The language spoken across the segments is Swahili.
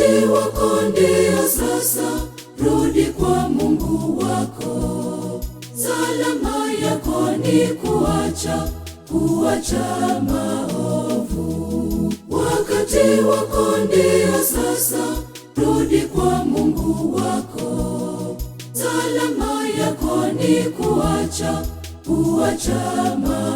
Si wakondeo sasa, rudi kwa Mungu wako. Salama yako ni kuacha kuacha maovu. Wakati wakondeo sasa, rudi kwa Mungu wako. Salama yako ni kuacha kuacha maovu.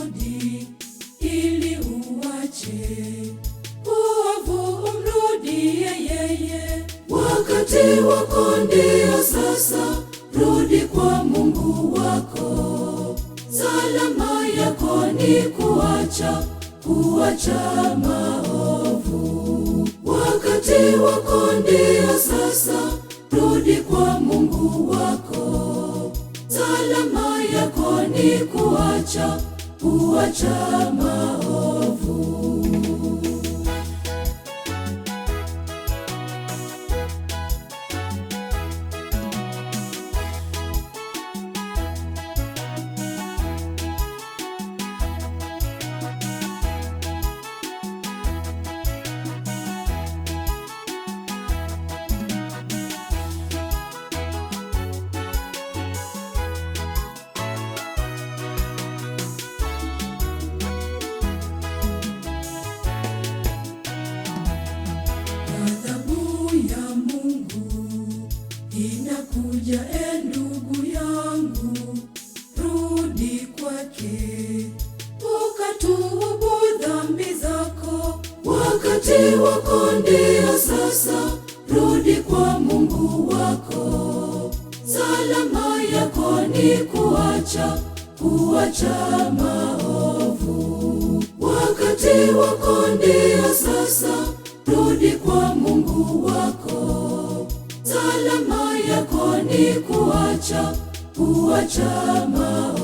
umrudi ili uache uovu, umrudie yeye. Wakati wako ndio sasa, rudi kwa Mungu wako. Salama yako ni kuacha kuacha maovu. Wakati wako ndio sasa, rudi kwa Mungu wako. Salama yako ni kuacha huacha maovu. Kuja e ndugu yangu, rudi kwake, ukatubu dhambi zako. Wakati wako ndio sasa, rudi kwa Mungu wako. Salama yako ni kuacha, kuacha maovu. Wakati wako ndio sasa, rudi kwa Mungu wako. huacha, huacha maovu.